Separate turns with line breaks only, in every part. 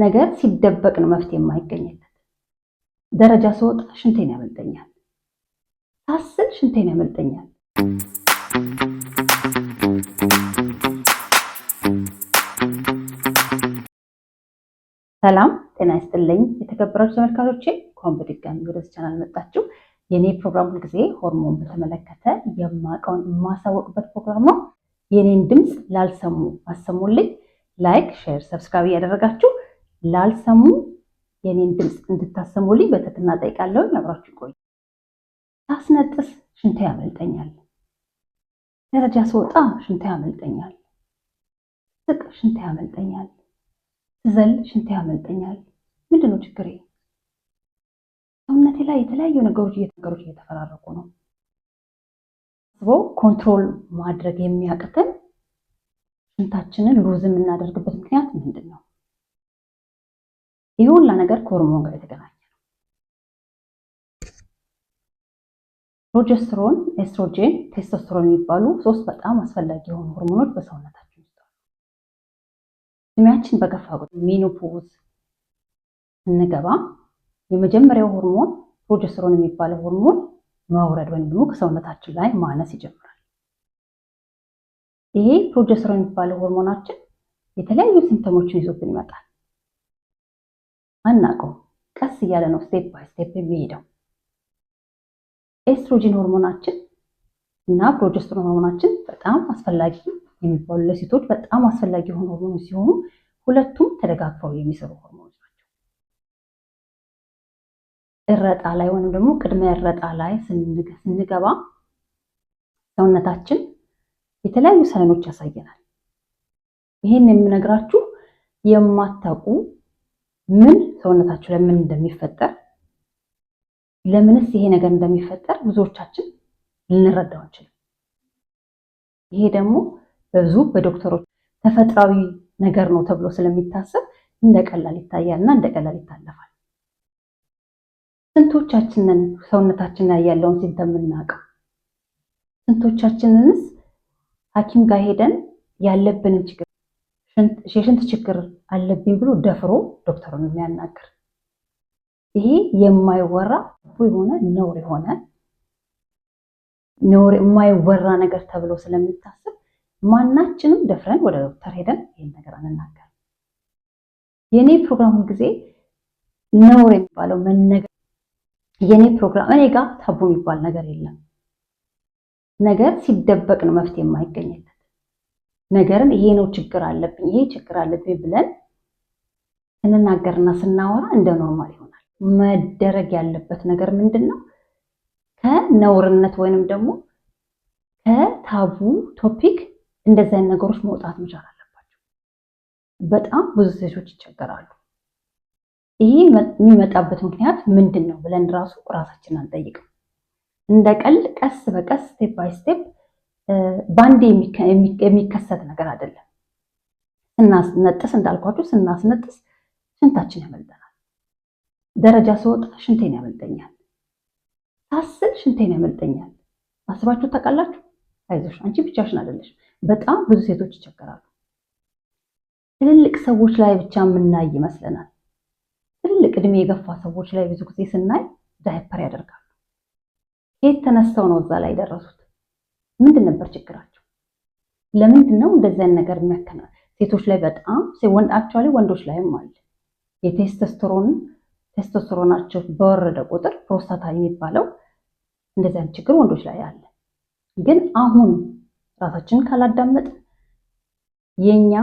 ነገር ሲደበቅ ነው መፍትሄ የማይገኝለት። ደረጃ ስወጣ ሽንቴን ያመልጠኛል፣ ሳስል ሽንቴን ያመልጠኛል። ሰላም ጤና ይስጥልኝ የተከበራችሁ ተመልካቾቼ፣ እንኳን በድጋሚ ወደዚህ ቻናል መጣችሁ። የኔ ፕሮግራም ሁልጊዜ ሆርሞን በተመለከተ የማውቀውን የማሳወቅበት ፕሮግራም ነው። የኔን ድምፅ ላልሰሙ አሰሙልኝ። ላይክ፣ ሼር፣ ሰብስክራይብ እያደረጋችሁ ላልሰሙ የኔን ድምፅ እንድታሰሙልኝ በትህትና ጠይቃለሁ። አብራችሁ ቆዩ። ሳስነጥስ ሽንቴ ያመልጠኛል፣ ደረጃ ስወጣ ሽንቴ ያመልጠኛል፣ ስቅ ሽንቴ ያመልጠኛል፣ ስዘል ሽንቴ ያመልጠኛል። ምንድን ነው ችግሬ? ሰውነቴ ላይ የተለያዩ ነገሮች እየተነገሮች እየተፈራረቁ ነው። ስቦ ኮንትሮል ማድረግ የሚያቅተን ሽንታችንን ሉዝ የምናደርግበት ምክንያት ምንድን ነው? ይህ ሁላ ነገር ከሆርሞን ጋር የተገናኘ ነው። ፕሮጀስትሮን፣ ኤስትሮጄን፣ ቴስቶስትሮን የሚባሉ ሶስት በጣም አስፈላጊ የሆኑ ሆርሞኖች በሰውነታችን ውስጥ አሉ። እድሜያችን በገፋ ቁጥር ሜኖፖዝ ስንገባ የመጀመሪያው ሆርሞን ፕሮጀስትሮን የሚባለው ሆርሞን መውረድ ወይም ደግሞ ከሰውነታችን ላይ ማነስ ይጀምራል። ይሄ ፕሮጀስትሮን የሚባለው ሆርሞናችን የተለያዩ ሲምፕተሞችን ይዞብን ይመጣል። አናቀው? ቀስ እያለ ነው ስቴፕ ባይ ስቴፕ የሚሄደው። ኤስትሮጂን ሆርሞናችን እና ፕሮጀስትሮን ሆርሞናችን በጣም አስፈላጊ የሚባሉ ለሴቶች በጣም አስፈላጊ የሆኑ ሆርሞኖች ሲሆኑ ሁለቱም ተደጋግፈው የሚሰሩ ሆርሞኖች ናቸው። እረጣ ላይ ወይም ደግሞ ቅድመ እረጣ ላይ ስንገባ ሰውነታችን የተለያዩ ሳይኖች ያሳየናል። ይህን የምነግራችሁ የማታውቁ ምን ሰውነታችሁ ለምን እንደሚፈጠር ለምንስ ይሄ ነገር እንደሚፈጠር ብዙዎቻችን ልንረዳው እንችልም። ይሄ ደግሞ በብዙ በዶክተሮች ተፈጥሯዊ ነገር ነው ተብሎ ስለሚታሰብ እንደ ቀላል ይታያል እና እንደ ቀላል ይታለፋል። ስንቶቻችንን ሰውነታችን ላይ ያለውን ሲምተም የምናውቀው? ስንቶቻችንንስ ሐኪም ጋር ሄደን ያለብንን ችግር የሽንት ችግር አለብኝ ብሎ ደፍሮ ዶክተሩን የሚያናግር ይሄ የማይወራ የሆነ ነውር የሆነ ነውር የማይወራ ነገር ተብሎ ስለሚታሰብ ማናችንም ደፍረን ወደ ዶክተር ሄደን ይህን ነገር አንናገር። የእኔ ፕሮግራም ጊዜ ነውር የሚባለው መነገር የእኔ ፕሮግራም እኔ ጋር ታቡ የሚባል ነገር የለም። ነገር ሲደበቅ ነው መፍትሄ የማይገኝል ነገርን ይሄ ነው ችግር አለብኝ ይሄ ችግር አለብኝ ብለን ስንናገርና ስናወራ እንደ ኖርማል ይሆናል። መደረግ ያለበት ነገር ምንድን ነው? ከነውርነት ወይንም ደግሞ ከታቡ ቶፒክ እንደዚህ አይነት ነገሮች መውጣት መቻል አለባቸው። በጣም ብዙ ሴቶች ይቸገራሉ። ይሄ የሚመጣበት ምክንያት ምንድን ነው ብለን ራሱ እራሳችንን አንጠይቅም። እንደ ቀልድ ቀስ በቀስ ስቴፕ ባይ ስቴፕ ባንዴ የሚከሰት ነገር አይደለም። ስናስነጥስ እንዳልኳችሁ ስናስነጥስ ሽንታችን ያመልጠናል። ደረጃ ስወጣ ሽንቴን ያመልጠኛል። ታስል ሽንቴን ያመልጠኛል። አስባችሁ ታውቃላችሁ? አይዞሽ አንቺ ብቻሽን አይደለሽ። በጣም ብዙ ሴቶች ይቸገራሉ። ትልልቅ ሰዎች ላይ ብቻ የምናይ ይመስለናል። ትልልቅ እድሜ የገፋ ሰዎች ላይ ብዙ ጊዜ ስናይ ዳይፐር ያደርጋሉ። የት ተነስተው ነው እዛ ላይ የደረሱት? ምንድን ነበር ችግራቸው? ለምንድን ነው እንደዚያን ነገር የሚያከና ሴቶች ላይ በጣም ወንድ አክቹዋሊ ወንዶች ላይም አለ የቴስቶስትሮን ቴስቶስትሮናቸው በወረደ ቁጥር ፕሮስታታ የሚባለው እንደዚያን ችግር ወንዶች ላይ አለ። ግን አሁን ራሳችንን ካላዳመጥ የኛ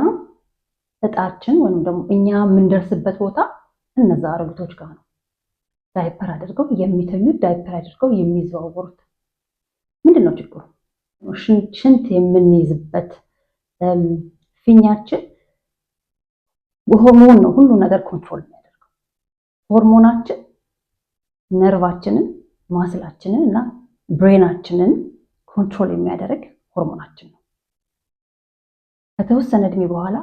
እጣችን ወይም ደግሞ እኛ የምንደርስበት ቦታ እነዛ አረግቶች ጋር ነው። ዳይፐር አድርገው የሚተኙት ዳይፐር አድርገው የሚዘዋወሩት ምንድን ነው ችግሩ? ሽንት የምንይዝበት ፊኛችን ሆርሞን ነው ሁሉ ነገር ኮንትሮል የሚያደርገው ሆርሞናችን ነርቫችንን ማስላችንን እና ብሬናችንን ኮንትሮል የሚያደርግ ሆርሞናችን ነው። ከተወሰነ እድሜ በኋላ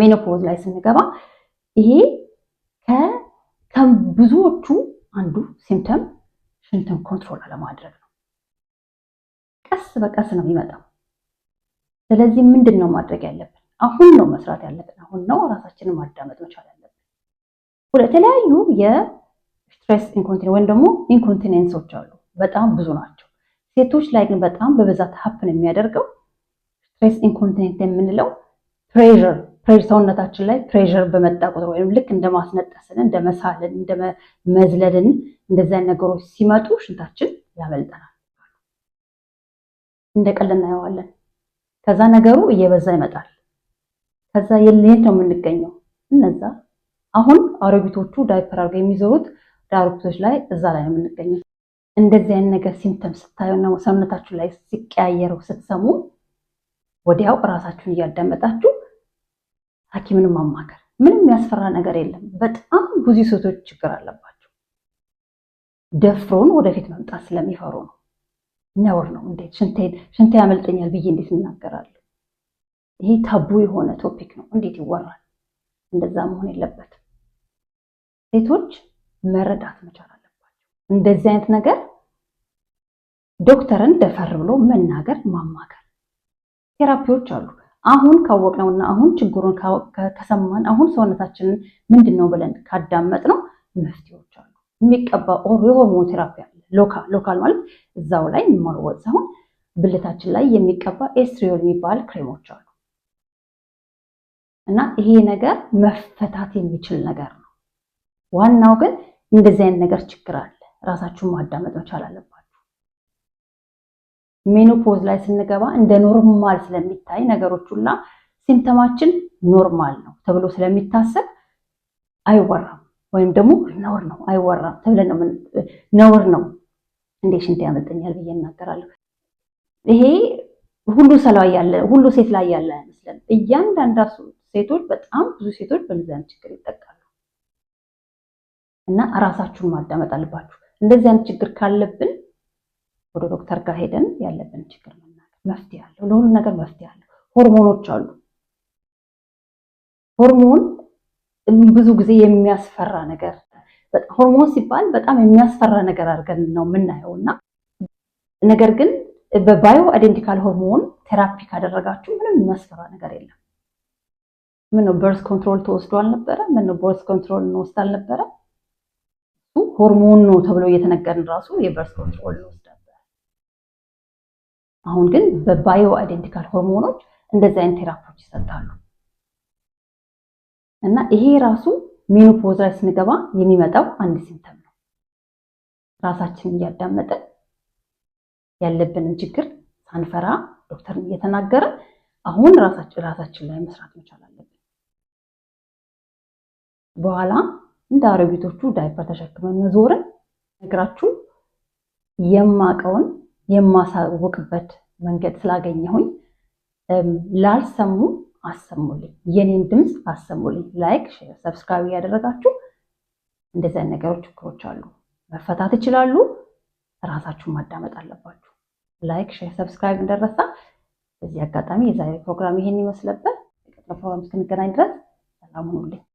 ሜኖፖዝ ላይ ስንገባ ይሄ ከብዙዎቹ አንዱ ሲምፕተም ሽንትን ኮንትሮል አለማድረግ ነው። በቀስ ነው የሚመጣው። ስለዚህ ምንድን ነው ማድረግ ያለብን? አሁን ነው መስራት ያለብን። አሁን ነው ራሳችንን ማዳመጥ መቻል ያለብን። የተለያዩ የስትሬስ ኢንኮንቲኔንስ ወይም ደግሞ ኢንኮንቲኔንሶች አሉ፣ በጣም ብዙ ናቸው። ሴቶች ላይ ግን በጣም በብዛት ሀፕን የሚያደርገው ስትሬስ ኢንኮንቲኔንት የምንለው ፕሬር ሰውነታችን ላይ ፕሬር በመጣ ቁጥር ወይም ልክ እንደ ማስነጠስን፣ እንደ መሳልን፣ እንደ መዝለልን እንደዚያ ነገሮች ሲመጡ ሽንታችን ያመልጠናል። እንደ ቀልድ እናየዋለን። ከዛ ነገሩ እየበዛ ይመጣል። ከዛ የት ነው የምንገኘው? እነዛ አሁን አሮጊቶቹ ዳይፐር አድርገው የሚዞሩት ዳሮጊቶች ላይ እዛ ላይ ነው የምንገኘው። እንደዚህ አይነት ነገር ሲምተም ነው ሰውነታችሁ ላይ ሲቀያየረው ስትሰሙ ወዲያው እራሳችሁን እያዳመጣችሁ ሐኪምንም ማማከር ምንም የሚያስፈራ ነገር የለም። በጣም ብዙ ሴቶች ችግር አለባቸው፣ ደፍሮን ወደፊት መምጣት ስለሚፈሩ ነው። ነውር ነው። እንዴት ሽንቴ ያመልጠኛል ብዬ እንዴት እናገራለሁ? ይሄ ታቡ የሆነ ቶፒክ ነው። እንዴት ይወራል? እንደዛ መሆን የለበትም። ሴቶች መረዳት መቻል አለባቸው። እንደዚህ አይነት ነገር ዶክተርን ደፈር ብሎ መናገር፣ ማማከር። ቴራፒዎች አሉ። አሁን ካወቅነውና አሁን ችግሩን ከሰማን አሁን ሰውነታችንን ምንድን ነው ብለን ካዳመጥ ነው መፍትሄዎች አሉ። የሚቀባ የሆርሞን ቴራፒ አለ ሎካል ማለት እዛው ላይ የማወጥ ሳይሆን ብልታችን ላይ የሚቀባ ኤስትሪዮል የሚባል ክሬሞች አሉ እና ይሄ ነገር መፈታት የሚችል ነገር ነው። ዋናው ግን እንደዚህ አይነት ነገር ችግር አለ። ራሳችሁን ማዳመጥ መቻል አለባችሁ። ሜኖፖዝ ላይ ስንገባ እንደ ኖርማል ስለሚታይ ነገሮች ሁላ ሲምተማችን ኖርማል ነው ተብሎ ስለሚታሰብ አይወራም ወይም ደግሞ ነውር ነው አይወራም ተብለን ነውር ነው እንዴ ሽንት ያመልጠኛል ብዬ እናገራለሁ። ይሄ ሁሉ ሰላይ ያለ ሁሉ ሴት ላይ ያለ አይመስለን። እያንዳንዳ ሴቶች በጣም ብዙ ሴቶች በሚዛን ችግር ይጠቃሉ እና ራሳችሁን ማዳመጥ አለባችሁ። እንደዚህ አይነት ችግር ካለብን ወደ ዶክተር ጋር ሄደን ያለብን ችግር መናገር መፍትሄ አለው። ለሁሉ ነገር መፍትሄ አለው። ሆርሞኖች አሉ። ሆርሞን ብዙ ጊዜ የሚያስፈራ ነገር ሆርሞን ሲባል በጣም የሚያስፈራ ነገር አድርገን ነው የምናየው እና ነገር ግን በባዮ አይደንቲካል ሆርሞን ቴራፒ ካደረጋችሁ ምንም የሚያስፈራ ነገር የለም። ምነው በርስ ኮንትሮል ተወስዶ አልነበረ? ምነው በርስ ኮንትሮል እንወስድ አልነበረ? ሆርሞን ነው ተብሎ እየተነገርን ራሱ የበርስ ኮንትሮል እንወስድ ነበር። አሁን ግን በባዮ አይደንቲካል ሆርሞኖች እንደዚህ አይነት ቴራፒዎች ይሰጣሉ እና ይሄ ራሱ ሚኖፖዝ ላይ ስንገባ የሚመጣው አንድ ሲምተም ነው። ራሳችንን እያዳመጥን ያለብንን ችግር ሳንፈራ ዶክተርን እየተናገረ አሁን ራሳችን ላይ መስራት መቻል አለብን። በኋላ እንደ አሮጊቶቹ ዳይፐር ተሸክመን መዞርን ነግራችሁ የማቀውን የማሳውቅበት መንገድ ስላገኘሁኝ ላልሰሙ አሰሙልኝ፣ የኔን ድምፅ አሰሙልኝ። ላይክ፣ ሼር፣ ሰብስክራይብ እያደረጋችሁ እንደዚህ አይነት ነገሮች ችግሮች አሉ፣ መፈታት ይችላሉ። ራሳችሁን ማዳመጥ አለባችሁ። ላይክ፣ ሼር፣ ሰብስክራይብ እንደረሳ። በዚህ አጋጣሚ የዛሬ ፕሮግራም ይሄን ይመስለበት። የቀጥለው ፕሮግራም እስክንገናኝ ድረስ ሰላም ሁኑልኝ።